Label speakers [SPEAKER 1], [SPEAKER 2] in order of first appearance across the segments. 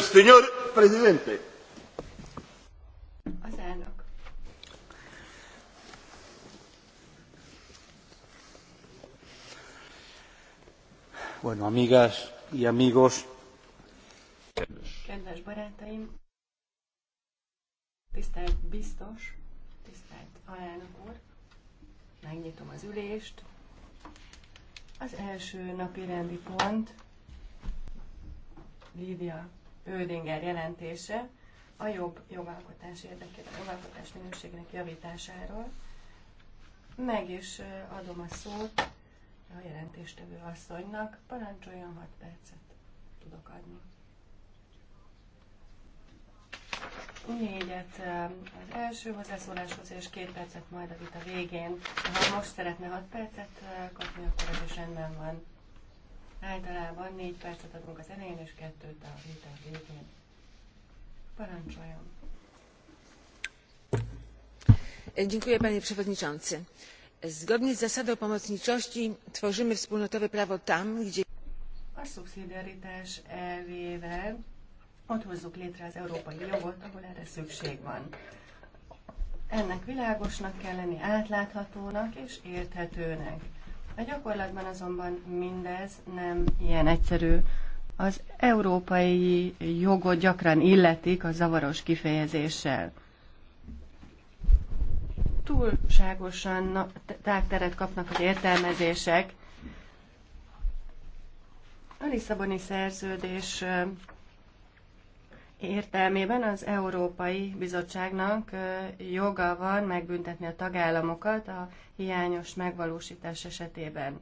[SPEAKER 1] señor presidente.
[SPEAKER 2] Az elnök.
[SPEAKER 3] Bueno, amigas y amigos,
[SPEAKER 2] döntése a jobb jogalkotás érdekében, a jogalkotás minőségének javításáról. Meg is adom a szót a jelentéstevő asszonynak. Parancsoljon 6 percet tudok adni. négyet az első hozzászóláshoz, és két percet majd a vita végén. Ha most szeretne 6 percet kapni, akkor ez is rendben van. Általában négy percet adunk az elején, és kettőt a vita végén. Parancsoljon. Panie Przewodniczący! Zgodnie z zasadą pomocniczości tworzymy wspólnotowe prawo tam, gdzie... A szubszidiaritás elvével ott hozzuk létre az európai jogot, ahol erre szükség van. Ennek világosnak kell lenni, átláthatónak és érthetőnek. A gyakorlatban azonban mindez nem ilyen egyszerű az európai jogot gyakran illetik a zavaros kifejezéssel. Túlságosan tágteret kapnak az értelmezések. A Lisszaboni szerződés értelmében az Európai Bizottságnak joga van megbüntetni a tagállamokat a hiányos megvalósítás esetében.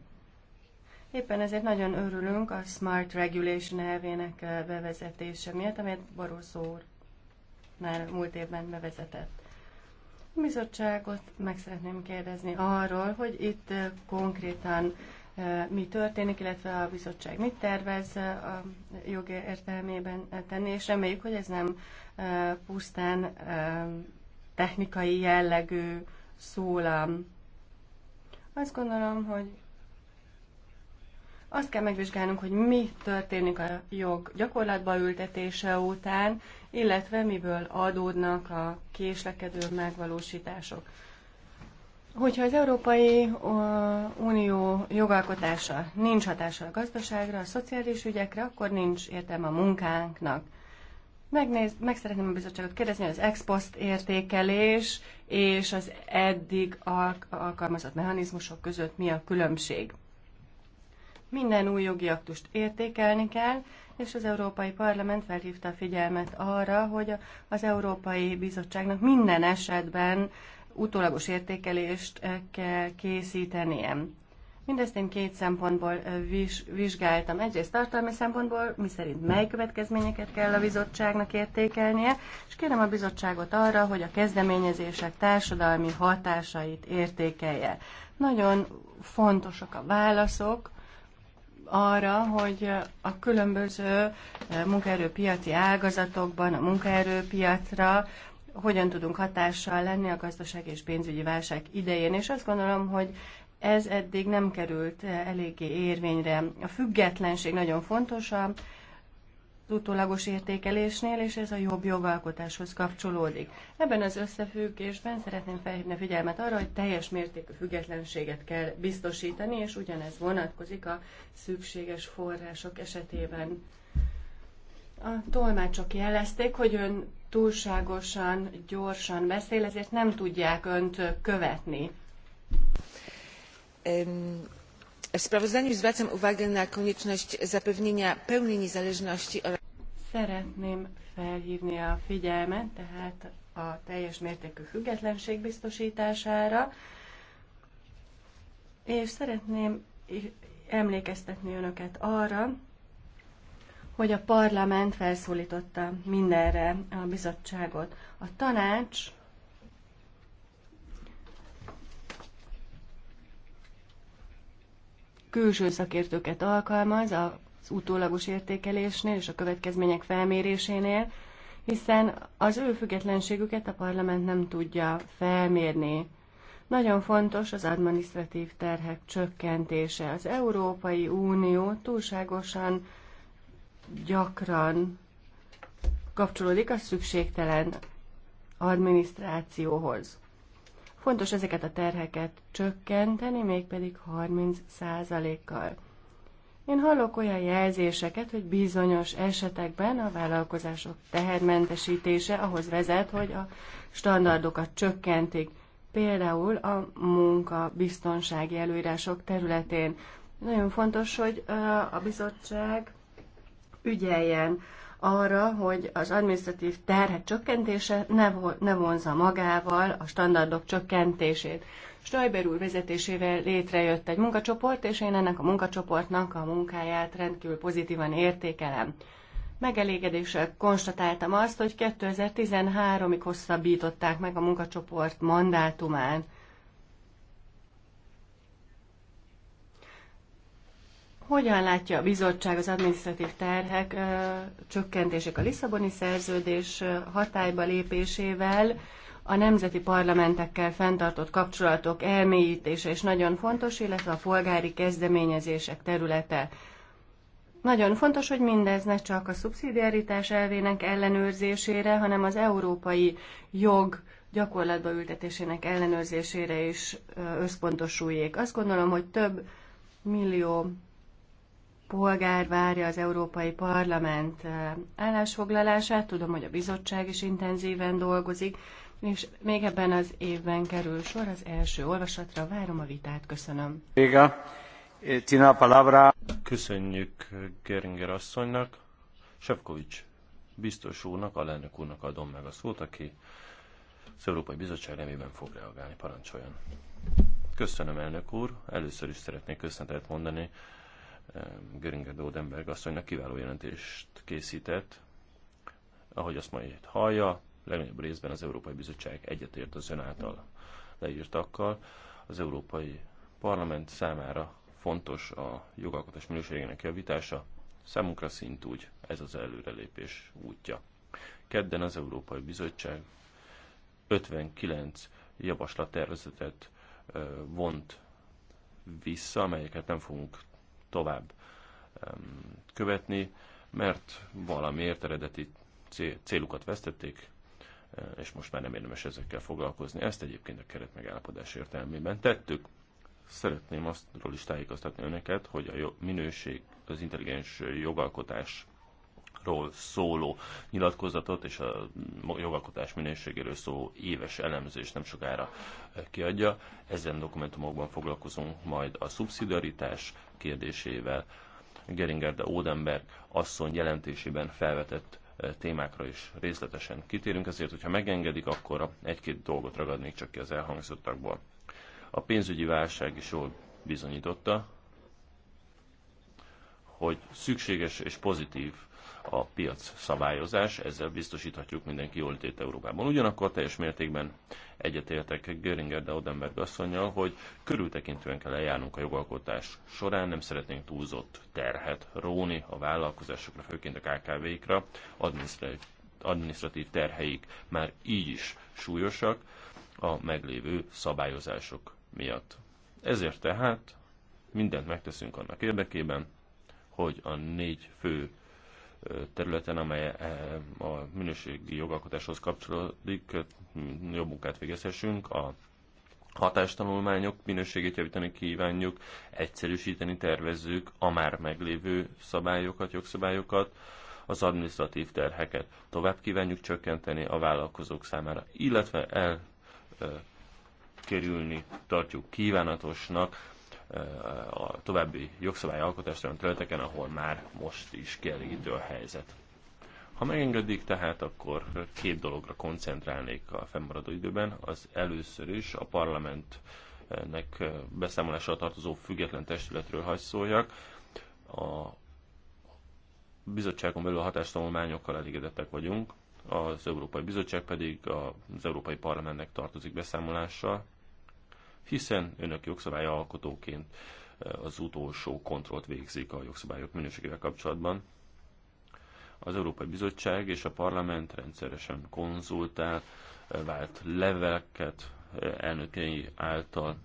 [SPEAKER 2] Éppen ezért nagyon örülünk a Smart Regulation elvének eh, bevezetése miatt, amelyet Barroso úr már múlt évben bevezetett. A bizottságot meg szeretném kérdezni arról, hogy itt eh, konkrétan eh, mi történik, illetve a bizottság mit tervez a jogi értelmében tenni, és reméljük, hogy ez nem pusztán technikai jellegű szólam. Azt gondolom, hogy azt kell megvizsgálnunk, hogy mi történik a jog gyakorlatba ültetése után, illetve miből adódnak a késlekedő megvalósítások. Hogyha az Európai Unió jogalkotása nincs hatása a gazdaságra, a szociális ügyekre, akkor nincs értelme a munkánknak. Megnéz, meg szeretném a bizottságot kérdezni, hogy az ex post értékelés és az eddig alkalmazott mechanizmusok között mi a különbség. Minden új jogi aktust értékelni kell, és az Európai Parlament felhívta a figyelmet arra, hogy az Európai Bizottságnak minden esetben utólagos értékelést eh, kell készítenie. Mindezt én két szempontból eh, viz, vizsgáltam. Egyrészt tartalmi szempontból, miszerint mely következményeket kell a bizottságnak értékelnie, és kérem a bizottságot arra, hogy a kezdeményezések társadalmi hatásait értékelje. Nagyon fontosak a válaszok, arra, hogy a különböző eh, munkaerőpiaci ágazatokban, a munkaerőpiacra hogyan tudunk hatással lenni a gazdaság és pénzügyi válság idején. És azt gondolom, hogy ez eddig nem került eh, eléggé érvényre. A függetlenség nagyon fontos a utólagos értékelésnél, és ez a jobb jogalkotáshoz kapcsolódik. Ebben az összefüggésben szeretném felhívni a figyelmet arra, hogy teljes mértékű függetlenséget kell biztosítani, és ugyanez vonatkozik a szükséges források esetében. A tolmácsok jelezték, hogy ön túlságosan, gyorsan beszél, ezért nem tudják önt követni. Um w sprawozdaniu zwracam uwagę na konieczność zapewnienia pełnej niezależności oraz Szeretném felhívni a figyelmet, tehát a teljes mértékű függetlenség biztosítására, és szeretném emlékeztetni önöket arra, hogy a parlament felszólította mindenre a bizottságot. A tanács külső szakértőket alkalmaz a az utólagos értékelésnél és a következmények felmérésénél, hiszen az ő függetlenségüket a parlament nem tudja felmérni. Nagyon fontos az administratív terhek csökkentése. Az Európai Unió túlságosan gyakran kapcsolódik a szükségtelen adminisztrációhoz. Fontos ezeket a terheket csökkenteni, mégpedig 30 kal én hallok olyan jelzéseket, hogy bizonyos esetekben a vállalkozások tehermentesítése ahhoz vezet, hogy a standardokat csökkentik. Például a munka biztonsági előírások területén. Nagyon fontos, hogy a bizottság ügyeljen arra, hogy az administratív terhet csökkentése ne, ne vonza magával a standardok csökkentését. Stajber úr vezetésével létrejött egy munkacsoport, és én ennek a munkacsoportnak a munkáját rendkívül pozitívan értékelem. Megelégedéssel konstatáltam azt, hogy 2013-ig hosszabbították meg a munkacsoport mandátumát. Hogyan látja a bizottság az adminisztratív terhek csökkentések a Lisszaboni szerződés hatályba lépésével? A nemzeti parlamentekkel fenntartott kapcsolatok elmélyítése is nagyon fontos, illetve a polgári kezdeményezések területe. Nagyon fontos, hogy mindez ne csak a szubszidiaritás elvének ellenőrzésére, hanem az európai jog gyakorlatba ültetésének ellenőrzésére is összpontosuljék. Azt gondolom, hogy több millió polgár várja az Európai Parlament állásfoglalását. Tudom, hogy a bizottság is intenzíven dolgozik, és még ebben az évben kerül sor az első olvasatra. Várom a vitát. Köszönöm.
[SPEAKER 4] Tina Palabra. Köszönjük Geringer asszonynak. Sefkovics biztos úrnak, alelnök úrnak adom meg a szót, aki az Európai Bizottság nevében fog reagálni. Parancsoljon. Köszönöm, elnök úr. Először is szeretnék köszönetet mondani Göringer Dodenberg asszonynak kiváló jelentést készített. Ahogy azt majd hallja, legnagyobb részben az Európai Bizottság egyetért az ön által leírtakkal. Az Európai Parlament számára fontos a jogalkotás minőségének javítása, számunkra szintúgy ez az előrelépés útja. Kedden az Európai Bizottság 59 javaslattervezetet vont vissza, amelyeket nem fogunk tovább követni, mert valamiért eredeti célukat vesztették, e, és most már nem érdemes ezekkel foglalkozni. Ezt egyébként a keret megállapodás értelmében tettük. Szeretném aztról is tájékoztatni önöket, hogy a minőség, az intelligens jogalkotás reformokról szóló nyilatkozatot és a jogalkotás minőségéről szóló éves elemzést nem sokára kiadja. Ezen dokumentumokban foglalkozunk majd a szubszidiaritás kérdésével, Geringer de Odenberg asszony jelentésében felvetett eh, témákra is részletesen kitérünk, ezért, hogyha megengedik, akkor egy-két dolgot ragadnék csak ki az elhangzottakból. A pénzügyi válság is jól bizonyította, hogy szükséges és pozitív a piac szabályozás, ezzel biztosíthatjuk mindenki jólétét Európában. Ugyanakkor teljes mértékben egyetértek Göringer de Odenberg asszonyjal, hogy körültekintően kell eljárnunk a jogalkotás során, nem szeretnénk túlzott terhet róni a vállalkozásokra, főként a KKV-kra, administratív terheik már így is súlyosak a meglévő szabályozások miatt. Ezért tehát mindent megteszünk annak érdekében, hogy a négy fő területen, amely eh, a minőségi jogalkotáshoz kapcsolódik, jobb munkát végezhessünk, a hatástanulmányok minőségét javítani kívánjuk, egyszerűsíteni tervezzük a már meglévő szabályokat, jogszabályokat, az administratív terheket tovább kívánjuk csökkenteni a vállalkozók számára, illetve elkerülni eh, tartjuk kívánatosnak a további alkotásra olyan területeken, ahol már most is kielégítő a helyzet. Ha megengedik, tehát akkor két dologra koncentrálnék a fennmaradó időben. Az először is a parlamentnek beszámolásra tartozó független testületről hagy szóljak. A bizottságon belül a hatástanulmányokkal elégedettek vagyunk, az Európai Bizottság pedig az Európai Parlamentnek tartozik beszámolással, hiszen önök jogszabályalkotóként eh, az utolsó kontrollt végzik a jogszabályok minőségével kapcsolatban. Az Európai Bizottság és a Parlament rendszeresen konzultál, eh, vált leveleket eh, elnökei által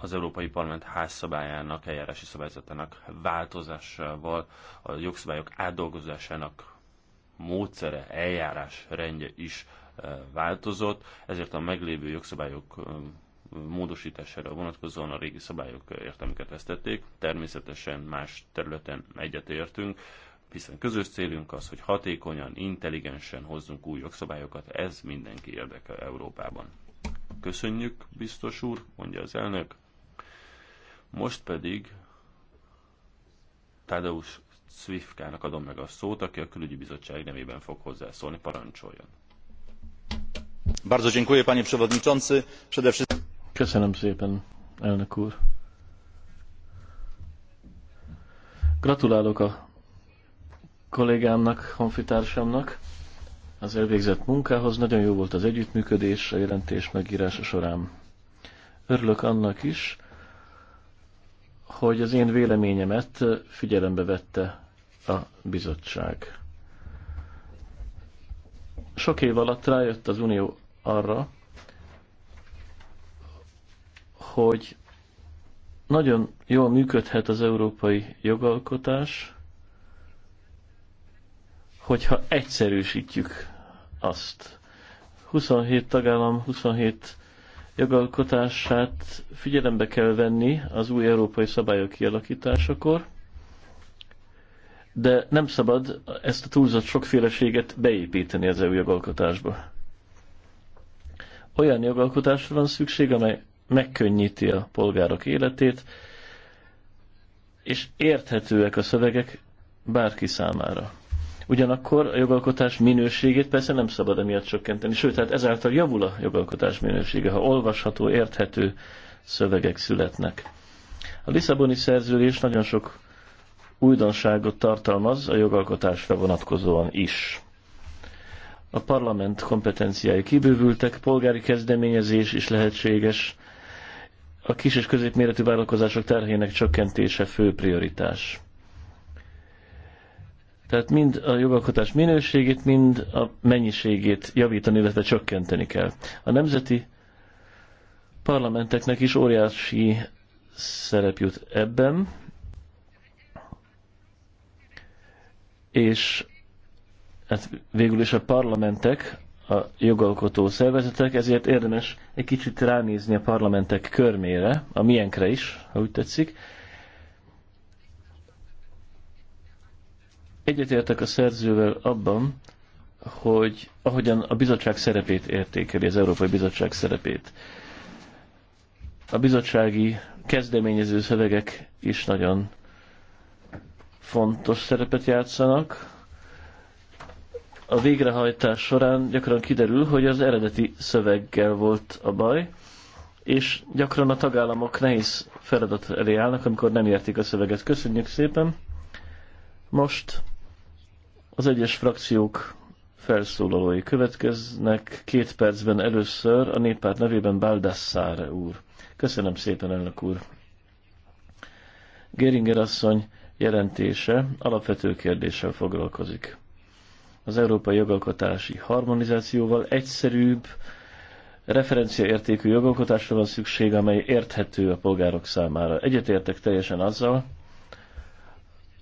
[SPEAKER 4] az Európai Parlament házszabályának, eljárási szabályzatának változásával, a jogszabályok átdolgozásának módszere, eljárás rendje is változott, ezért a meglévő jogszabályok módosítására vonatkozóan a régi szabályok értelmüket vesztették. Természetesen más területen egyetértünk, hiszen közös célunk az, hogy hatékonyan, intelligensen hozzunk új jogszabályokat, ez mindenki érdeke Európában. Köszönjük, biztos úr, mondja az elnök. Most pedig Tadeusz Swiftkának adom meg a szót, aki a külügyi bizottság nevében fog hozzászólni, parancsoljon. Przede wszystkim...
[SPEAKER 1] elnök Gratulálok a kollégámnak, honfitársamnak az elvégzett munkához. Nagyon jó volt az együttműködés a jelentés megírása során. Örülök annak is, hogy az én véleményemet figyelembe vette a bizottság sok év alatt rájött az Unió arra, hogy nagyon jól működhet az európai jogalkotás, hogyha egyszerűsítjük azt. 27 tagállam, 27 jogalkotását figyelembe kell venni az új európai szabályok kialakításakor, de nem szabad ezt a túlzott sokféleséget beépíteni az EU jogalkotásba. Olyan jogalkotásra van szükség, amely megkönnyíti a polgárok életét, és érthetőek a szövegek bárki számára. Ugyanakkor a jogalkotás minőségét persze nem szabad emiatt csökkenteni, sőt, tehát ezáltal javul a jogalkotás minősége, ha olvasható, érthető szövegek születnek. A Lisszaboni szerződés nagyon sok újdonságot tartalmaz a jogalkotásra vonatkozóan is. A parlament kompetenciái kibővültek, polgári kezdeményezés is lehetséges, a kis és középméretű vállalkozások terhének csökkentése fő prioritás. Tehát mind a jogalkotás minőségét, mind a mennyiségét javítani, illetve csökkenteni kell. A nemzeti parlamenteknek is óriási szerep jut ebben, és hát végül is a parlamentek, a jogalkotó szervezetek, ezért érdemes egy kicsit ránézni a parlamentek körmére, a milyenkre is, ha úgy tetszik. Egyetértek a szerzővel abban, hogy ahogyan a bizottság szerepét értékeli, az Európai Bizottság szerepét. A bizottsági kezdeményező szövegek is nagyon fontos szerepet játszanak. A végrehajtás során gyakran kiderül, hogy az eredeti szöveggel volt a baj, és gyakran a tagállamok nehéz feladat elé állnak, amikor nem értik a szöveget. Köszönjük szépen! Most az egyes frakciók felszólalói következnek. Két percben először a néppárt nevében Baldassare úr. Köszönöm szépen, elnök úr! Geringer asszony jelentése alapvető kérdéssel foglalkozik. Az európai jogalkotási harmonizációval egyszerűbb, referenciaértékű jogalkotásra van szükség, amely érthető a polgárok számára. Egyetértek teljesen azzal,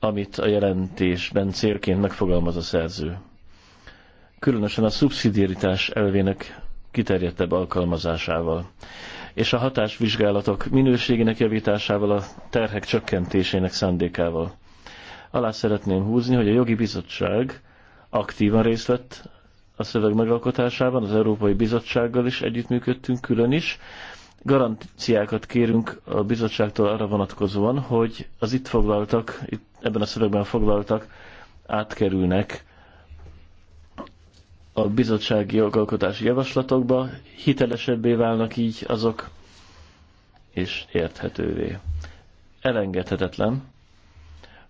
[SPEAKER 1] amit a jelentésben célként megfogalmaz a szerző. Különösen a szubszidiaritás elvének kiterjedtebb alkalmazásával és a hatásvizsgálatok minőségének javításával, a terhek csökkentésének szándékával. Alá szeretném húzni, hogy a jogi bizottság aktívan részt vett a szöveg megalkotásában, az Európai Bizottsággal is együttműködtünk külön is. Garanciákat kérünk a bizottságtól arra vonatkozóan, hogy az itt foglaltak, itt, ebben a szövegben foglaltak átkerülnek a bizottsági jogalkotási javaslatokba, hitelesebbé válnak így azok, és érthetővé. Elengedhetetlen,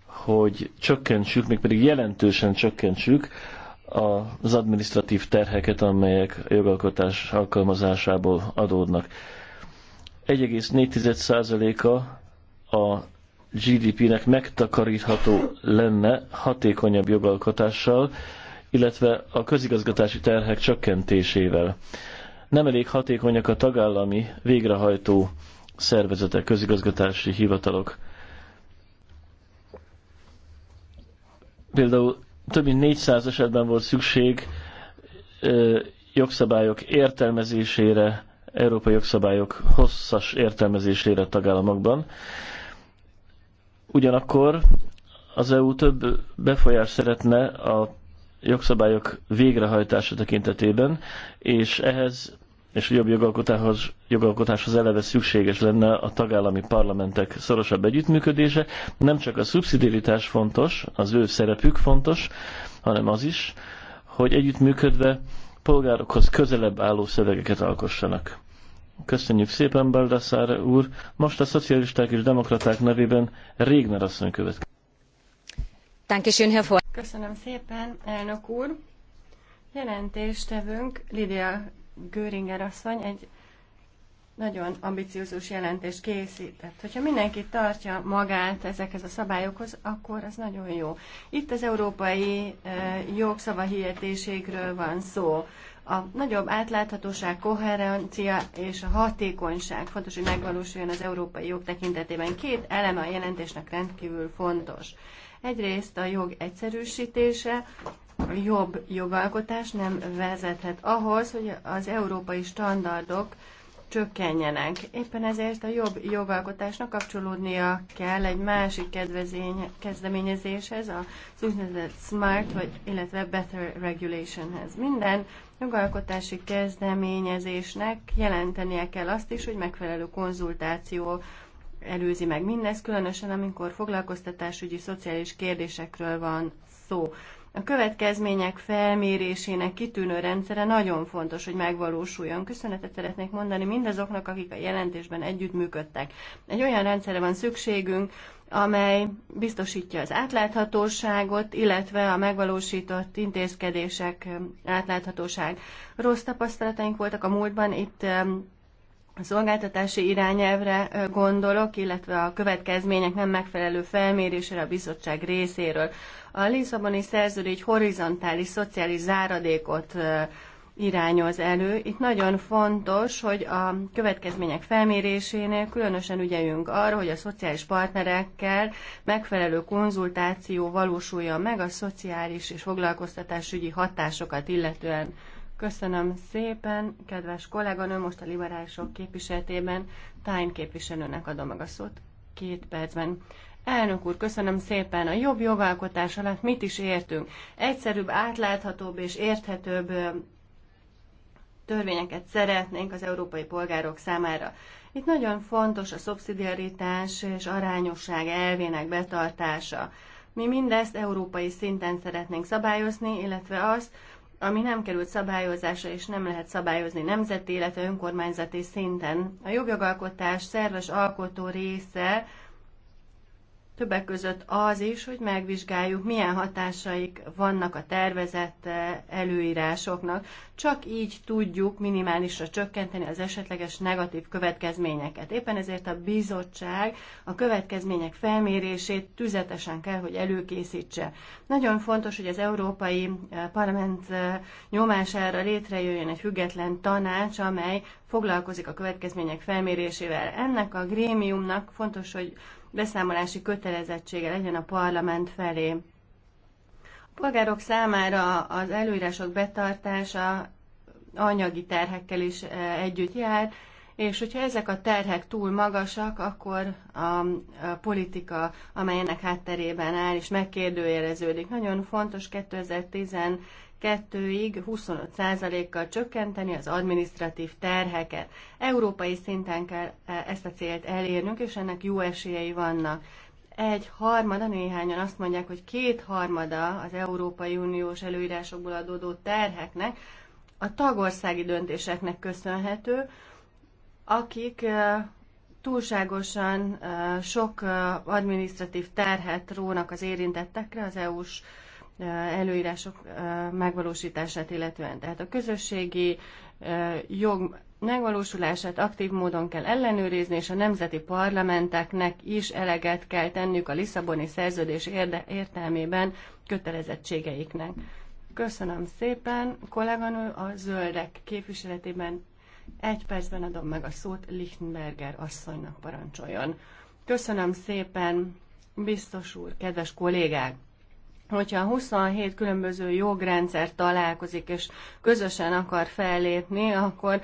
[SPEAKER 1] hogy csökkentsük, mégpedig jelentősen csökkentsük az administratív terheket, amelyek a jogalkotás alkalmazásából adódnak. 1,4%-a a GDP-nek megtakarítható lenne hatékonyabb jogalkotással, illetve a közigazgatási terhek csökkentésével. Nem elég hatékonyak a tagállami végrehajtó szervezetek, közigazgatási hivatalok. Például több mint 400 esetben volt szükség jogszabályok értelmezésére, európai jogszabályok hosszas értelmezésére a tagállamokban. Ugyanakkor az EU több befolyást szeretne a jogszabályok végrehajtása tekintetében, és ehhez és jobb jogalkotáshoz, jogalkotáshoz eleve szükséges lenne a tagállami parlamentek szorosabb együttműködése. Nem csak a szubszidiaritás fontos, az ő szerepük fontos, hanem az is, hogy együttműködve polgárokhoz közelebb álló szövegeket alkossanak. Köszönjük szépen, Baldassar úr. Most a szocialisták és demokraták nevében Régner asszony következik.
[SPEAKER 2] Köszönöm szépen, elnök úr. Jelentéstevünk Lidia Göringer asszony egy nagyon ambiciózus jelentést készített. Hogyha mindenki tartja magát ezekhez a szabályokhoz, akkor az nagyon jó. Itt az európai eh, hihetéségről van szó. A nagyobb átláthatóság, koherencia és a hatékonyság fontos, hogy megvalósuljon az európai jog tekintetében. Két eleme a jelentésnek rendkívül fontos. Egyrészt a jog egyszerűsítése, a jobb jogalkotás nem vezethet ahhoz, hogy az európai standardok csökkenjenek. Éppen ezért a jobb jogalkotásnak kapcsolódnia kell egy másik kedvezény, kezdeményezéshez, a úgynevezett smart, vagy, illetve better regulationhez. Minden jogalkotási kezdeményezésnek jelentenie kell azt is, hogy megfelelő konzultáció előzi meg mindez, különösen amikor foglalkoztatásügyi, szociális kérdésekről van szó. A következmények felmérésének kitűnő rendszere nagyon fontos, hogy megvalósuljon. Köszönetet szeretnék mondani mindazoknak, akik a jelentésben együttműködtek. Egy olyan rendszerre van szükségünk, amely biztosítja az átláthatóságot, illetve a megvalósított intézkedések átláthatóság. Rossz tapasztalataink voltak a múltban, itt a szolgáltatási irányelvre gondolok, illetve a következmények nem megfelelő felmérésére a bizottság részéről. A Lisszaboni szerződés egy horizontális szociális záradékot irányoz elő. Itt nagyon fontos, hogy a következmények felmérésénél különösen ügyeljünk arra, hogy a szociális partnerekkel megfelelő konzultáció valósuljon meg a szociális és foglalkoztatásügyi hatásokat illetően. Köszönöm szépen, kedves kolléganő, most a liberálisok képviseletében Time képviselőnek adom meg a szót két percben. Elnök úr, köszönöm szépen. A jobb jogalkotás alatt mit is értünk? Egyszerűbb, átláthatóbb és érthetőbb törvényeket szeretnénk az európai polgárok számára. Itt nagyon fontos a szubszidiaritás és arányosság elvének betartása. Mi mindezt európai szinten szeretnénk szabályozni, illetve azt, ami nem került szabályozásra és nem lehet szabályozni nemzeti, illetve önkormányzati szinten. A jogjogalkotás szerves alkotó része Többek között az is, hogy megvizsgáljuk, milyen hatásaik vannak a tervezett eh, előírásoknak. Csak így tudjuk minimálisra csökkenteni az esetleges negatív következményeket. Éppen ezért a bizottság a következmények felmérését tüzetesen kell, hogy előkészítse. Nagyon fontos, hogy az Európai eh, Parlament eh, nyomására létrejöjjön egy független tanács, amely foglalkozik a következmények felmérésével. Ennek a grémiumnak fontos, hogy beszámolási kötelezettsége legyen a parlament felé. A polgárok számára az előírások betartása anyagi terhekkel is e, együtt jár, és hogyha ezek a terhek túl magasak, akkor a, a politika, amelynek hátterében áll, és megkérdőjeleződik. Nagyon fontos 2010 2-ig 25%-kal csökkenteni az administratív terheket. Európai szinten kell e, ezt a célt elérnünk, és ennek jó esélyei vannak. Egy harmada, néhányan azt mondják, hogy két harmada az Európai Uniós előírásokból adódó terheknek a tagországi döntéseknek köszönhető, akik e, túlságosan e, sok administratív terhet rónak az érintettekre az EU-s Eh, előírások eh, megvalósítását illetően. Tehát a közösségi eh, jog megvalósulását aktív módon kell ellenőrizni, és a nemzeti parlamenteknek is eleget kell tenniük a Lisszaboni szerződés értelmében kötelezettségeiknek. Köszönöm szépen, kolléganő, a zöldek képviseletében egy percben adom meg a szót Lichtenberger asszonynak parancsoljon. Köszönöm szépen, biztos úr, kedves kollégák! hogyha 27 különböző jogrendszer találkozik és közösen akar fellépni, akkor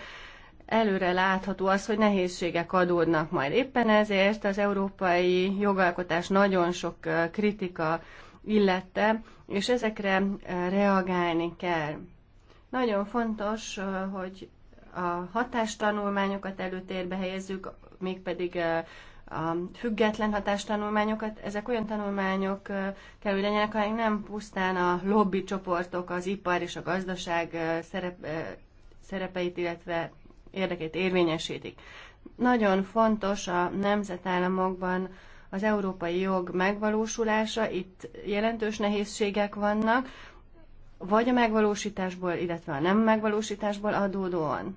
[SPEAKER 2] előre látható az, hogy nehézségek adódnak majd. Éppen ezért az európai jogalkotás nagyon sok kritika illette, és ezekre reagálni kell. Nagyon fontos, hogy a hatástanulmányokat előtérbe helyezzük, mégpedig a független hatástanulmányokat, ezek olyan tanulmányok kell, hogy legyenek, amelyek nem pusztán a lobby csoportok, az ipar és a gazdaság szerep, szerepeit, illetve érdekeit érvényesítik. Nagyon fontos a nemzetállamokban az európai jog megvalósulása, itt jelentős nehézségek vannak, vagy a megvalósításból, illetve a nem megvalósításból adódóan.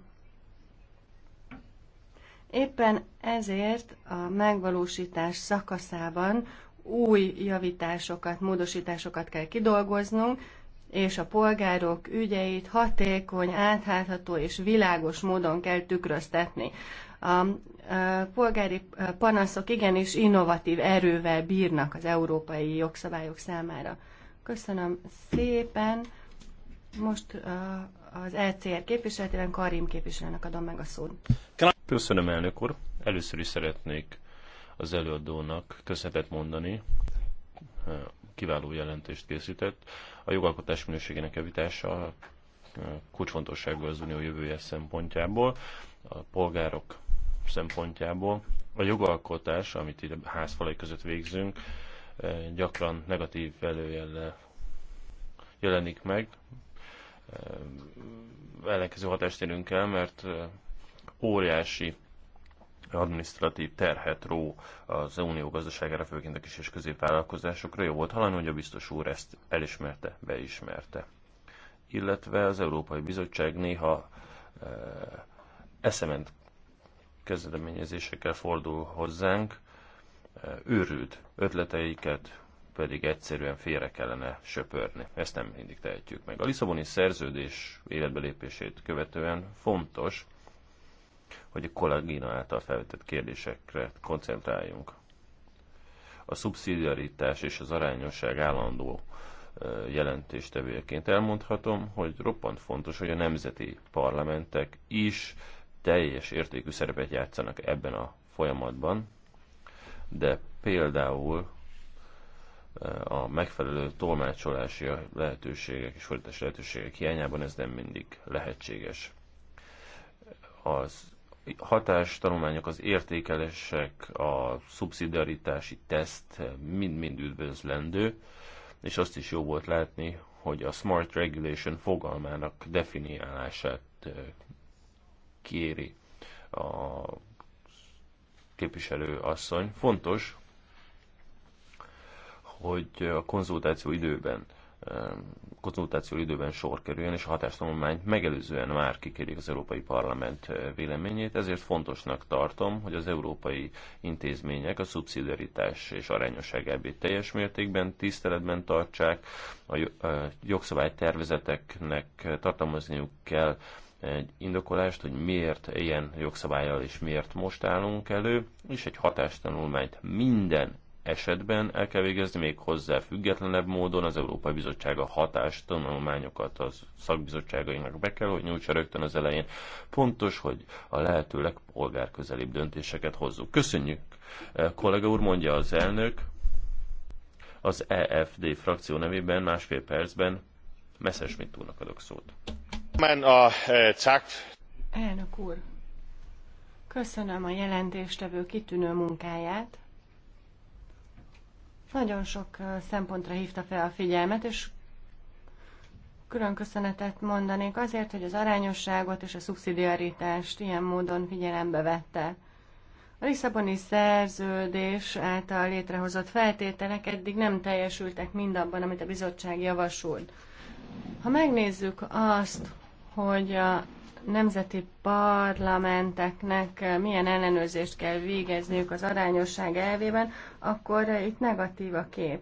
[SPEAKER 2] Éppen ezért a megvalósítás szakaszában új javításokat, módosításokat kell kidolgoznunk, és a polgárok ügyeit hatékony, átlátható és világos módon kell tükröztetni. A polgári panaszok igenis innovatív erővel bírnak az európai jogszabályok számára. Köszönöm szépen! Most az ECR képviseletében Karim képviselőnek adom meg a szót.
[SPEAKER 4] Köszönöm, elnök úr. Először is szeretnék az előadónak köszönetet mondani. Kiváló jelentést készített. A jogalkotás minőségének javítása kulcsfontosságú az unió jövője szempontjából, a polgárok szempontjából. A jogalkotás, amit itt a házfalai között végzünk, gyakran negatív előjelle jelenik meg, ellenkező hatást érünk el, mert óriási administratív terhet ró az unió gazdaságára, főként a kis és középvállalkozásokra. Jó volt hallani, hogy a biztos úr ezt elismerte, beismerte. Illetve az Európai Bizottság néha e, eszement kezdeményezésekkel fordul hozzánk, e, őrült ötleteiket, pedig egyszerűen félre kellene söpörni. Ezt nem mindig tehetjük meg. A Lisszaboni szerződés lépését követően fontos, hogy a kollégina által felvetett kérdésekre koncentráljunk. A szubszidiaritás és az arányosság állandó jelentéstevőjeként elmondhatom, hogy roppant fontos, hogy a nemzeti parlamentek is teljes értékű szerepet játszanak ebben a folyamatban, de például a megfelelő tolmácsolási lehetőségek és fordítási lehetőségek hiányában ez nem mindig lehetséges. Az hatástanulmányok, az értékelések, a szubszidiaritási teszt mind-mind üdvözlendő, és azt is jó volt látni, hogy a Smart Regulation fogalmának definiálását kéri a képviselő asszony. Fontos, hogy a konzultáció időben konzultáció időben sor kerüljön, és a hatástanulmányt megelőzően már kikérik az Európai Parlament véleményét, ezért fontosnak tartom, hogy az európai intézmények a szubszidiaritás és arányosság elvét teljes mértékben tiszteletben tartsák, a jogszabálytervezeteknek tartalmazniuk kell egy indokolást, hogy miért ilyen jogszabályal és miért most állunk elő, és egy hatástanulmányt minden esetben el kell végezni még hozzá függetlenebb módon az Európai Bizottság a tanulmányokat az szakbizottságainak be kell, hogy nyújtsa rögtön az elején. Pontos, hogy a lehető legpolgárközelibb döntéseket hozzuk. Köszönjük, eh, kollega úr, mondja az elnök. Az EFD frakció nevében másfél percben Messerschmitt úrnak adok szót. Eh,
[SPEAKER 2] elnök úr, köszönöm a jelentéstevő kitűnő munkáját nagyon sok szempontra hívta fel a figyelmet, és külön köszönetet mondanék azért, hogy az arányosságot és a szubszidiaritást ilyen módon figyelembe vette. A Lisszaboni szerződés által létrehozott feltételek eddig nem teljesültek mindabban, amit a bizottság javasolt. Ha megnézzük azt, hogy a nemzeti parlamenteknek milyen ellenőrzést kell végezniük az arányosság elvében, akkor itt negatív a kép.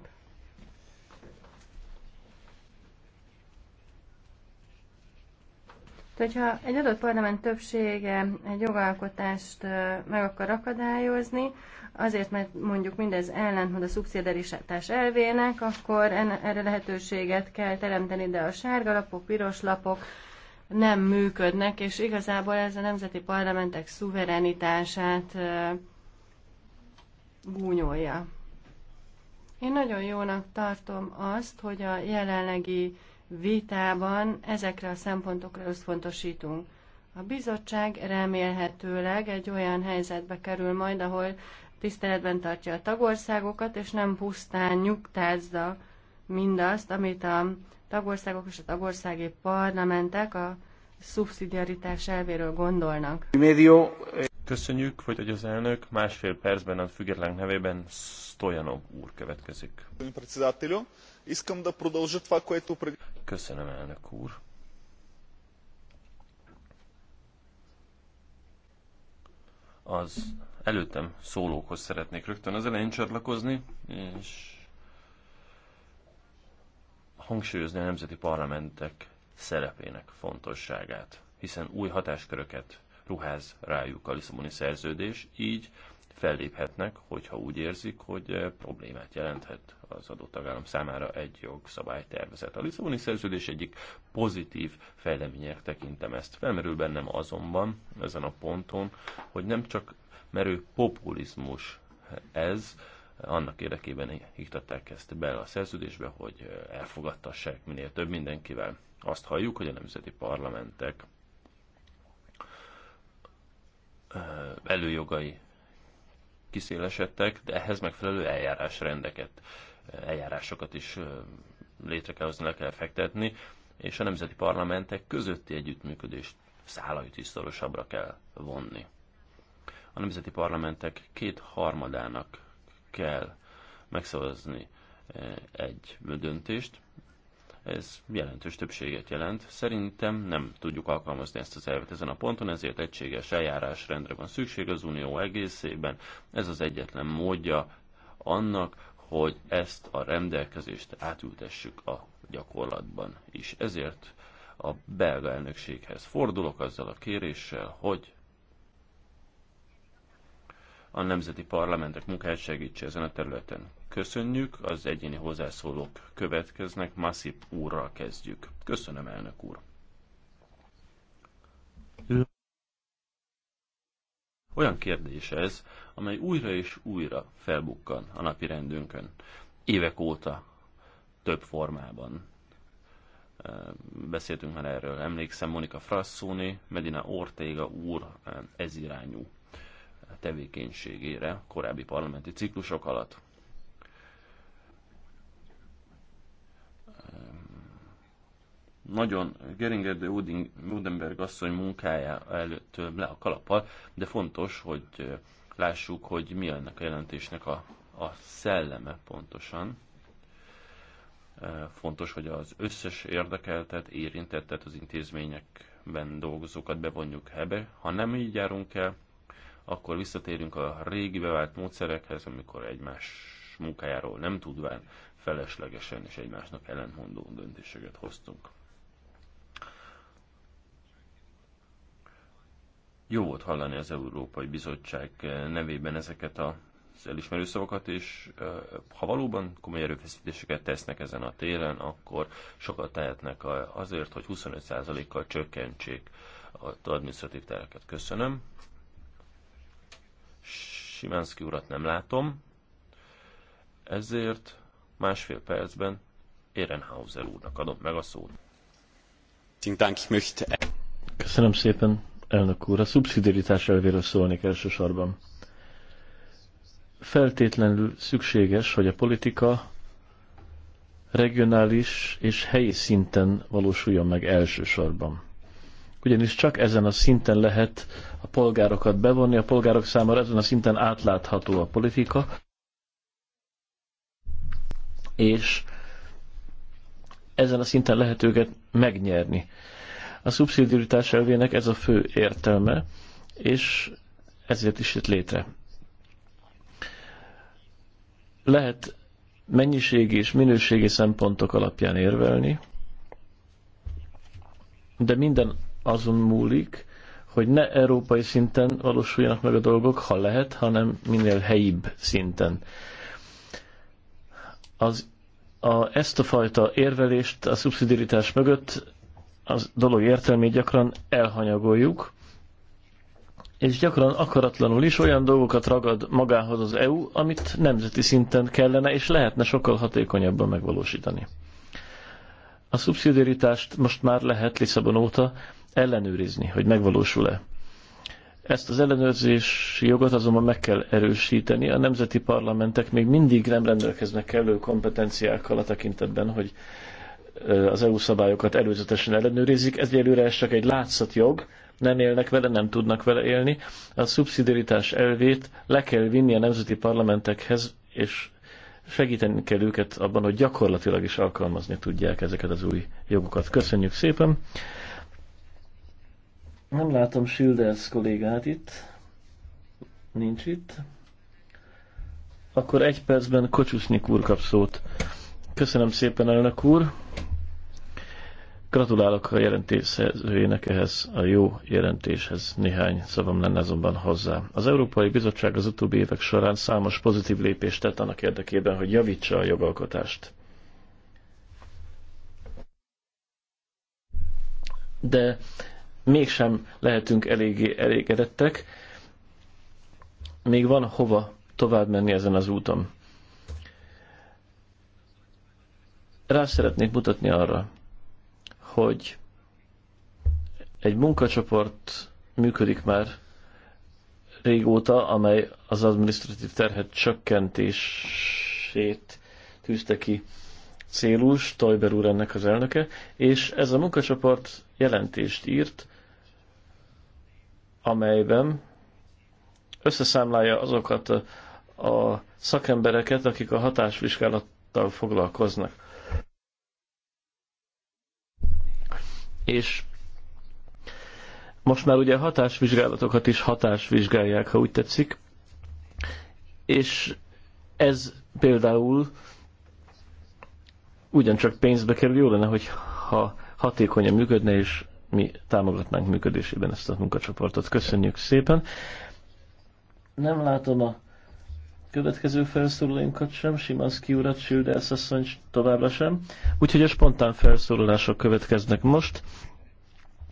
[SPEAKER 2] Hogyha egy adott parlament többsége egy jogalkotást meg akar akadályozni, azért, mert mondjuk mindez ellentmond a szubszidaritás elvének, akkor erre lehetőséget kell teremteni, de a sárga lapok, piros lapok, nem működnek, és igazából ez a nemzeti parlamentek szuverenitását gúnyolja. Én nagyon jónak tartom azt, hogy a jelenlegi vitában ezekre a szempontokra összpontosítunk. A bizottság remélhetőleg egy olyan helyzetbe kerül majd, ahol tiszteletben tartja a tagországokat, és nem pusztán nyugtázza mindazt, amit a tagországok és a tagországi parlamentek a szubszidiaritás elvéről gondolnak.
[SPEAKER 4] Köszönjük, hogy az elnök másfél percben a független nevében Stojanov úr következik. Köszönöm, elnök úr. Az előttem szólókhoz szeretnék rögtön az elején csatlakozni, és hangsúlyozni a nemzeti parlamentek szerepének fontosságát, hiszen új hatásköröket ruház rájuk a Lisszaboni szerződés, így felléphetnek, hogyha úgy érzik, hogy eh, problémát jelenthet az adott tagállam számára egy jogszabálytervezet. A Lisszaboni szerződés egyik pozitív fejlemények tekintem ezt. Felmerül bennem azonban ezen a ponton, hogy nem csak merő populizmus ez, annak érdekében iktatták ezt bele a szerződésbe, hogy elfogadtassák minél több mindenkivel. Azt halljuk, hogy a nemzeti parlamentek előjogai kiszélesedtek, de ehhez megfelelő eljárásrendeket, eljárásokat is létre kell hozni, le kell fektetni, és a nemzeti parlamentek közötti együttműködést szálait is szorosabbra kell vonni. A nemzeti parlamentek két harmadának kell megszavazni eh, egy döntést. Ez jelentős többséget jelent. Szerintem nem tudjuk alkalmazni ezt az elvet ezen a ponton, ezért egységes eljárásrendre van szükség az Unió egészében. Ez az egyetlen módja annak, hogy ezt a rendelkezést átültessük a gyakorlatban is. Ezért a belga elnökséghez fordulok azzal a kéréssel, hogy a nemzeti parlamentek munkáját segítse ezen a területen. Köszönjük, az egyéni hozzászólók következnek, Masip úrral kezdjük. Köszönöm, elnök úr. Olyan kérdés ez, amely újra és újra felbukkan a napi rendünkön. Évek óta több formában beszéltünk már erről. Emlékszem Monika Frassoni, Medina Ortega úr ez irányú tevékenységére korábbi parlamenti ciklusok alatt. nagyon Geringer de Udenberg asszony munkája előtt le a kalappal, de fontos, hogy lássuk, hogy mi ennek a jelentésnek a, a szelleme pontosan. Fontos, hogy az összes érdekeltet, érintettet az intézményekben dolgozókat bevonjuk ebbe. Ha nem így járunk el, akkor visszatérünk a régi bevált módszerekhez, amikor egymás munkájáról nem tudván feleslegesen és egymásnak ellentmondó döntéseket hoztunk. Jó volt hallani az Európai Bizottság nevében ezeket a az elismerő szavakat, és ha valóban komoly erőfeszítéseket tesznek ezen a téren, akkor sokat tehetnek azért, hogy 25%-kal csökkentsék az adminisztratív tereket. Köszönöm. Simánszki urat nem látom, ezért másfél percben Ehrenhauser úrnak adom meg a szót.
[SPEAKER 1] Köszönöm szépen, elnök úr. A szubszidiaritás elvéről szólnék elsősorban. Feltétlenül szükséges, hogy a politika regionális és helyi szinten valósuljon meg elsősorban ugyanis csak ezen a szinten lehet a polgárokat bevonni, a polgárok számára ezen a szinten átlátható a politika, és ezen a szinten lehet őket megnyerni. A szubszidiaritás elvének ez a fő értelme, és ezért is jött létre. Lehet mennyiségi és minőségi szempontok alapján érvelni, de minden azon múlik, hogy ne európai szinten valósuljanak meg a dolgok, ha lehet, hanem minél helyibb szinten. Az, a, ezt a fajta érvelést a szubszidiaritás mögött az dolog értelmét gyakran elhanyagoljuk, és gyakran akaratlanul is olyan dolgokat ragad magához az EU, amit nemzeti szinten kellene és lehetne sokkal hatékonyabban megvalósítani. A szubszidiaritást most már lehet Lisszabon óta ellenőrizni, hogy megvalósul-e. Ezt az ellenőrzési jogot azonban meg kell erősíteni. A nemzeti parlamentek még mindig nem rendelkeznek kellő kompetenciákkal a tekintetben, hogy az EU szabályokat előzetesen ellenőrizik. Ez előre ez csak egy látszat jog, nem élnek vele, nem tudnak vele élni. A szubszidiaritás elvét le kell vinni a nemzeti parlamentekhez, és segíteni kell őket abban, hogy gyakorlatilag is alkalmazni tudják ezeket az új jogokat. Köszönjük szépen! Nem látom Schilders kollégát itt. Nincs itt. Akkor egy percben Kocsusnyik úr kap szót. Köszönöm szépen, elnök úr. Gratulálok a jelentésszerzőjének ehhez a jó jelentéshez. Néhány szavam lenne azonban hozzá. Az Európai Bizottság az utóbbi évek során számos pozitív lépést tett annak érdekében, hogy javítsa a jogalkotást. De mégsem lehetünk eléggé elégedettek. Még van hova tovább menni ezen az úton. Rá szeretnék mutatni arra, hogy egy munkacsoport működik már régóta, amely az administratív terhet csökkentését tűzte ki célus, Tojber úr ennek az elnöke, és ez a munkacsoport jelentést írt amelyben összeszámlálja azokat a szakembereket, akik a hatásvizsgálattal foglalkoznak. És most már ugye hatásvizsgálatokat is hatásvizsgálják, ha úgy tetszik, és ez például ugyancsak pénzbe kerül, jó lenne, hogy ha hatékonyan működne és mi támogatnánk működésében ezt a munkacsoportot. Köszönjük szépen! Nem látom a következő felszólalinkat sem, Simanszki urat, Sildelsz asszony továbbra sem. Úgyhogy a spontán felszólalások következnek most.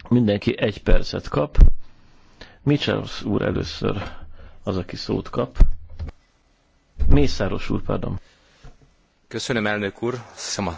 [SPEAKER 1] Mindenki egy percet kap. Michels úr először az, aki szót kap. Mészáros úr, pardon.
[SPEAKER 3] Köszönöm, elnök úr. Azt hiszem a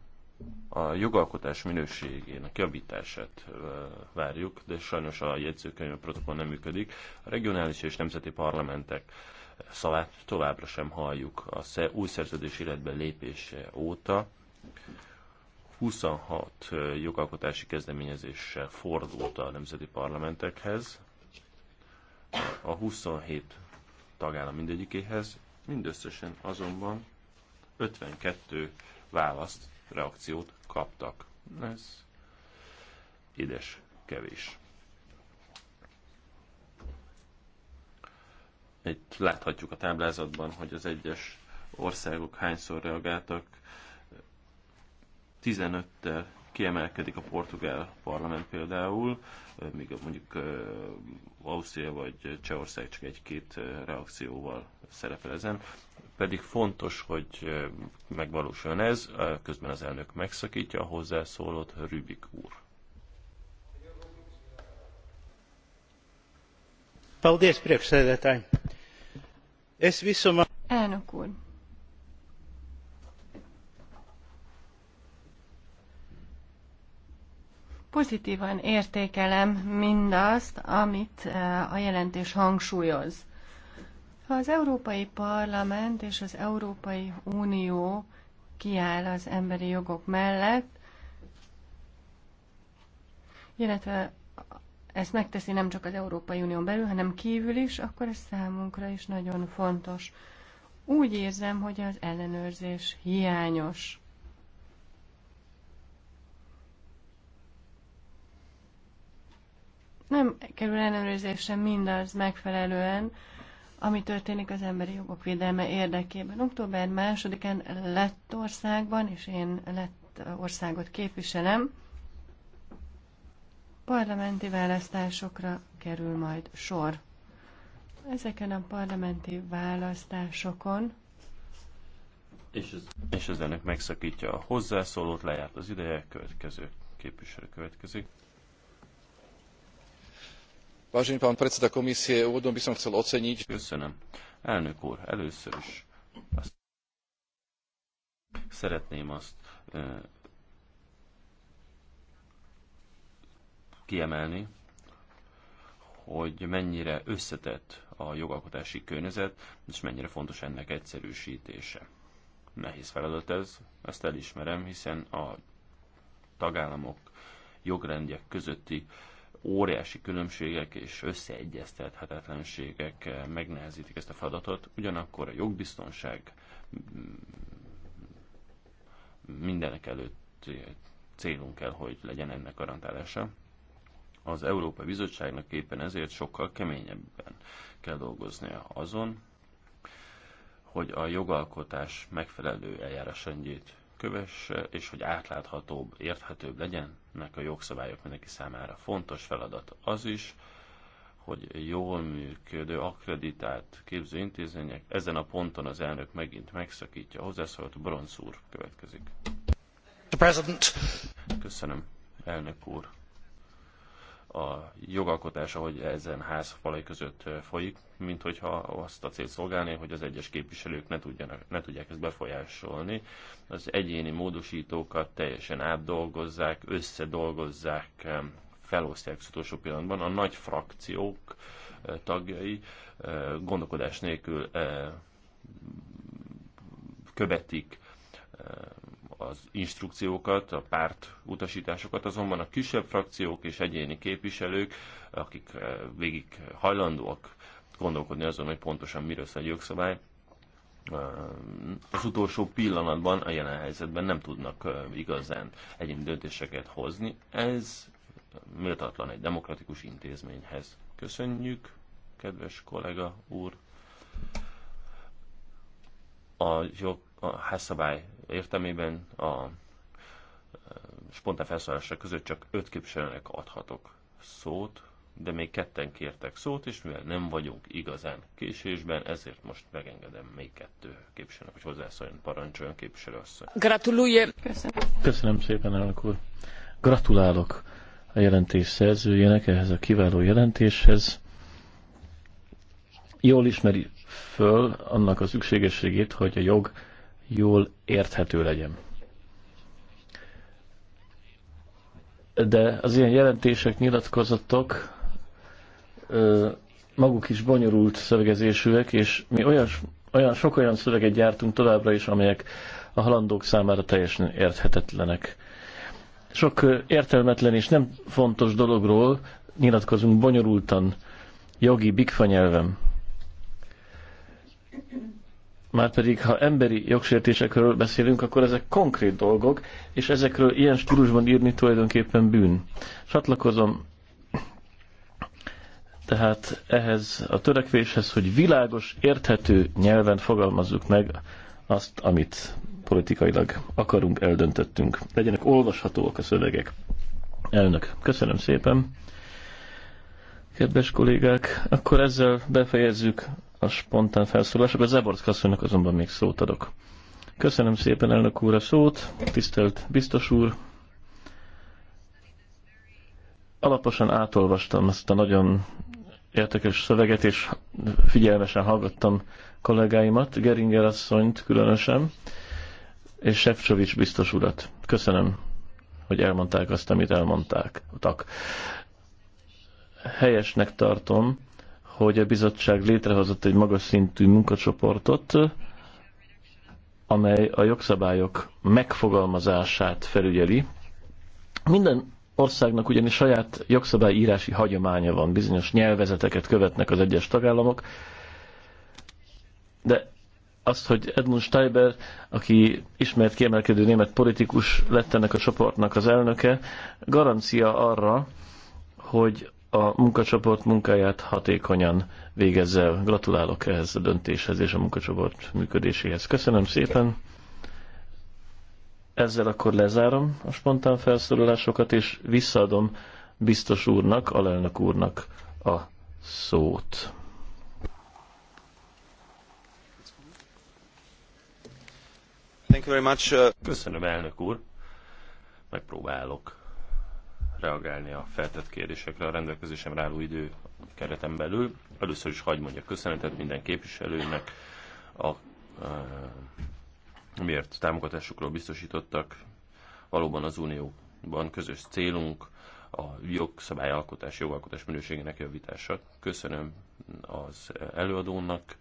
[SPEAKER 4] a jogalkotás minőségének javítását várjuk, de sajnos a jegyzőkönyv protokoll nem működik. A regionális és nemzeti parlamentek szavát továbbra sem halljuk a új szerződés életbe lépése óta. 26 jogalkotási kezdeményezéssel fordult a nemzeti parlamentekhez, a 27 tagállam mindegyikéhez, mindösszesen azonban 52 választ reakciót kaptak. Ez édes kevés. Itt láthatjuk a táblázatban, hogy az egyes országok hányszor reagáltak. 15-tel kiemelkedik a portugál parlament például, míg mondjuk Ausztria vagy Csehország csak egy-két reakcióval szerepel ezen. Pedig fontos, hogy megvalósuljon ez, közben az elnök megszakítja a hozzászólót Rübik úr.
[SPEAKER 2] Paldies, Elnök úr! Pozitívan értékelem mindazt, amit eh, a jelentés hangsúlyoz. Az Európai Parlament és az Európai Unió kiáll az emberi jogok mellett, illetve ezt megteszi nem csak az Európai Unión belül, hanem kívül is, akkor ez számunkra is nagyon fontos. Úgy érzem, hogy az ellenőrzés hiányos. nem kerül ellenőrzésre mindaz megfelelően, ami történik az emberi jogok védelme érdekében. Október 2-án országban, és én lett országot képviselem, parlamenti választásokra kerül majd sor. Ezeken a parlamenti választásokon
[SPEAKER 4] és az, és az ennek megszakítja a hozzászólót, lejárt az ideje, következő képviselő következik vážený pán predseda komisie úvodom by som chcel oceniť Köszönöm. Elnök úr, először is azt szeretném azt e, kiemelni, hogy mennyire összetett a jogalkotási környezet, és mennyire fontos ennek egyszerűsítése. Nehéz feladat ez, ezt elismerem, hiszen a tagállamok jogrendjek közötti óriási különbségek és összeegyeztethetetlenségek eh, megnehezítik ezt a feladatot, ugyanakkor a jogbiztonság mm, mindenek előtt eh, célunk kell, hogy legyen ennek garantálása. Az Európai Bizottságnak éppen ezért sokkal keményebben kell dolgoznia azon, hogy a jogalkotás megfelelő eljárásrendjét kövesse, és hogy átláthatóbb, érthetőbb nek a jogszabályok mindenki számára. Fontos feladat az is, hogy jól működő, akreditált képzőintézmények. Ezen a ponton az elnök megint megszakítja. Hozzászólt Bronz úr következik. Köszönöm, elnök úr a jogalkotás, ahogy ezen ház falai között eh, folyik, mint hogyha azt a célt szolgálné, hogy az egyes képviselők ne, tudjanak, ne tudják ezt befolyásolni. Az egyéni módosítókat teljesen átdolgozzák, összedolgozzák, eh, felosztják az utolsó pillanatban. A nagy frakciók eh, tagjai gondolkodás nélkül követik az instrukciókat, a párt utasításokat, azonban a kisebb frakciók és egyéni képviselők, akik eh, végig hajlandóak gondolkodni azon, hogy pontosan miről szól a jogszabály, eh, az utolsó pillanatban a jelen helyzetben nem tudnak eh, igazán egyéni döntéseket hozni. Ez méltatlan egy demokratikus intézményhez. Köszönjük, kedves kollega úr! A jog a házszabály értelmében a spontán felszólalásra között csak öt képviselőnek adhatok szót, de még ketten kértek szót, és mivel nem vagyunk igazán késésben, ezért most megengedem még kettő képviselőnek, hogy hozzászóljon, parancsoljon asszony.
[SPEAKER 1] Gratululj! Köszönöm. Köszönöm szépen, elnök úr. Gratulálok a jelentés szerzőjének ehhez a kiváló jelentéshez. Jól ismeri föl annak a szükségességét, hogy a jog jól érthető legyen. De az ilyen jelentések, nyilatkozatok maguk is bonyolult szövegezésűek, és mi olyas, olyan sok olyan szöveget gyártunk továbbra is, amelyek a halandók számára teljesen érthetetlenek. Sok értelmetlen és nem fontos dologról nyilatkozunk bonyolultan, jogi bigfa Márpedig, ha emberi jogsértésekről beszélünk, akkor ezek konkrét dolgok, és ezekről ilyen stílusban írni tulajdonképpen bűn. Satlakozom tehát ehhez a törekvéshez, hogy világos, érthető nyelven fogalmazzuk meg azt, amit politikailag akarunk, eldöntöttünk. Legyenek olvashatóak a szövegek. Elnök, köszönöm szépen. Kedves kollégák, akkor ezzel befejezzük a spontán A Zeborszka asszonynak azonban még szót adok. Köszönöm szépen elnök úr a szót, tisztelt biztos úr. Alaposan átolvastam ezt a nagyon értekes szöveget, és figyelmesen hallgattam kollégáimat, Geringer asszonyt különösen, és Sefcsovics biztos urat. Köszönöm, hogy elmondták azt, amit elmondták. Helyesnek tartom, hogy a bizottság létrehozott egy magas szintű munkacsoportot, amely a jogszabályok megfogalmazását felügyeli. Minden országnak ugyanis saját jogszabályírási hagyománya van, bizonyos nyelvezeteket követnek az egyes tagállamok, de azt, hogy Edmund Steiber, aki ismert kiemelkedő német politikus lett ennek a csoportnak az elnöke, garancia arra, hogy a munkacsoport munkáját hatékonyan végezze Gratulálok ehhez a döntéshez és a munkacsoport működéséhez. Köszönöm szépen. Ezzel akkor lezárom a spontán felszólalásokat, és visszaadom biztos úrnak, alelnök úrnak a szót.
[SPEAKER 4] Thank you very much. Uh, Köszönöm, elnök úr. Megpróbálok reagálni a feltett kérdésekre a rendelkezésemre álló idő kereten belül. Először is hagyd mondja köszönetet minden képviselőnek, a, a, eh, miért támogatásukról biztosítottak. Valóban az Unióban közös célunk a jogszabályalkotás, jogalkotás minőségének javítása. Köszönöm az előadónak,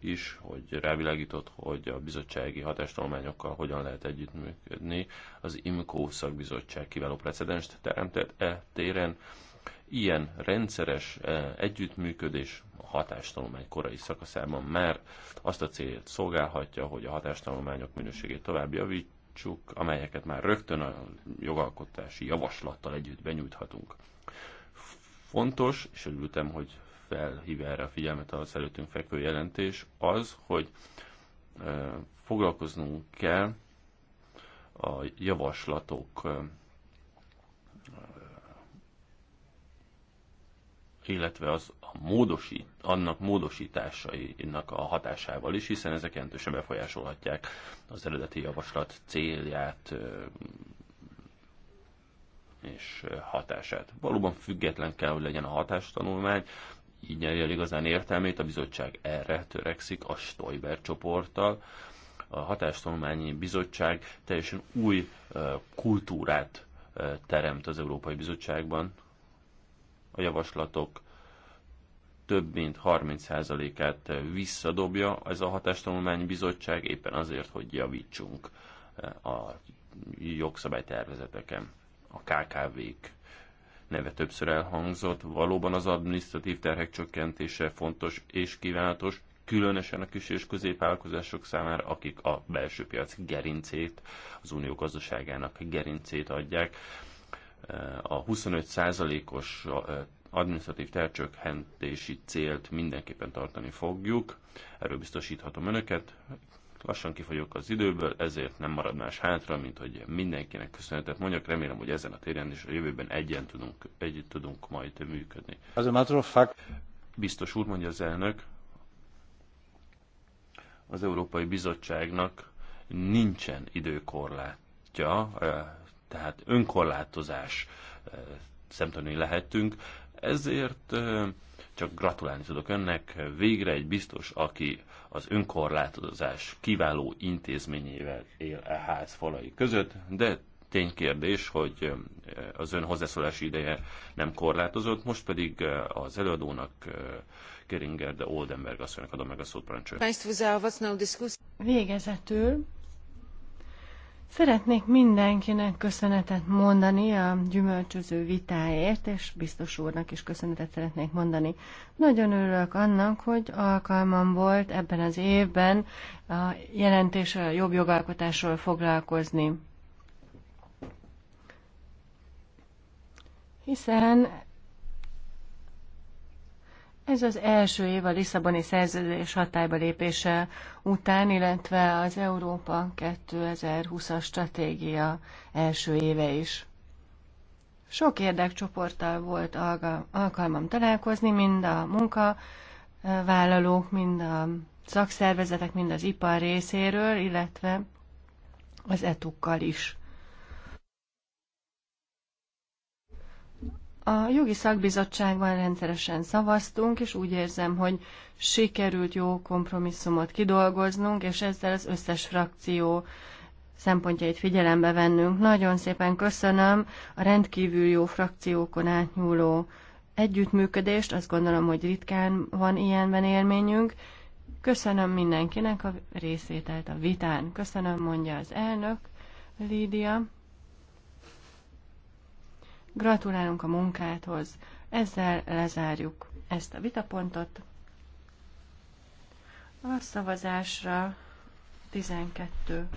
[SPEAKER 4] is, hogy rávilágított, hogy a bizottsági hatástolmányokkal hogyan lehet együttműködni. Az IMCO szakbizottság kiváló precedenst teremtett e téren. Ilyen rendszeres e, együttműködés a hatástalomány korai szakaszában már azt a célt szolgálhatja, hogy a hatástalományok minőségét tovább javítsuk, amelyeket már rögtön a jogalkotási javaslattal együtt benyújthatunk. Fontos, és örültem, hogy felhívja erre a figyelmet az előttünk fekvő jelentés, az, hogy foglalkoznunk kell a javaslatok illetve az a módosít, annak módosításainak a hatásával is, hiszen ezek jelentősen befolyásolhatják az eredeti javaslat célját és hatását. Valóban független kell, hogy legyen a hatástanulmány, így nyerje el igazán értelmét, a bizottság erre törekszik a Stoiber csoporttal. A hatástanulmányi bizottság teljesen új kultúrát teremt az Európai Bizottságban. A javaslatok több mint 30%-át visszadobja ez a hatástanulmányi bizottság, éppen azért, hogy javítsunk a jogszabálytervezeteken, a KKV-k neve többször elhangzott. Valóban az adminisztratív terhek csökkentése fontos és kívánatos, különösen a kis és középvállalkozások számára, akik a belső piac gerincét, az unió gazdaságának gerincét adják. A 25%-os administratív tercsökhentési célt mindenképpen tartani fogjuk, erről biztosíthatom önöket lassan kifogyok az időből, ezért nem marad más hátra, mint hogy mindenkinek köszönetet mondjak. Remélem, hogy ezen a téren is a jövőben egyen tudunk, együtt tudunk majd működni. Az a matter of fact... Biztos úr, mondja az elnök, az Európai Bizottságnak nincsen időkorlátja, eh, tehát önkorlátozás eh, szemtani lehetünk, ezért eh, csak gratulálni tudok önnek. Végre egy biztos, aki az önkorlátozás kiváló intézményével él a e ház falai között, de ténykérdés, hogy az ön hozzászólási ideje nem korlátozott, most pedig az előadónak Keringer, de Oldenberg asszonynak adom meg a szót parancsolja.
[SPEAKER 2] Végezetül Szeretnék mindenkinek köszönetet mondani a gyümölcsöző vitáért, és biztos úrnak is köszönetet szeretnék mondani. Nagyon örülök annak, hogy alkalmam volt ebben az évben a jelentésre, a jobb jogalkotásról foglalkozni. Hiszen ez az első év a Lisszaboni szerződés hatályba lépése után, illetve az Európa 2020-as stratégia első éve is. Sok érdekcsoporttal volt alkalmam találkozni, mind a munkavállalók, mind a szakszervezetek, mind az ipar részéről, illetve az etukkal is. A jogi szakbizottságban rendszeresen szavaztunk, és úgy érzem, hogy sikerült jó kompromisszumot kidolgoznunk, és ezzel az összes frakció szempontjait figyelembe vennünk. Nagyon szépen köszönöm a rendkívül jó frakciókon átnyúló együttműködést, azt gondolom, hogy ritkán van ilyenben élményünk. Köszönöm mindenkinek a részételt a vitán. Köszönöm, mondja az elnök, Lídia. Gratulálunk a munkáthoz. Ezzel lezárjuk ezt a vitapontot. A szavazásra 12.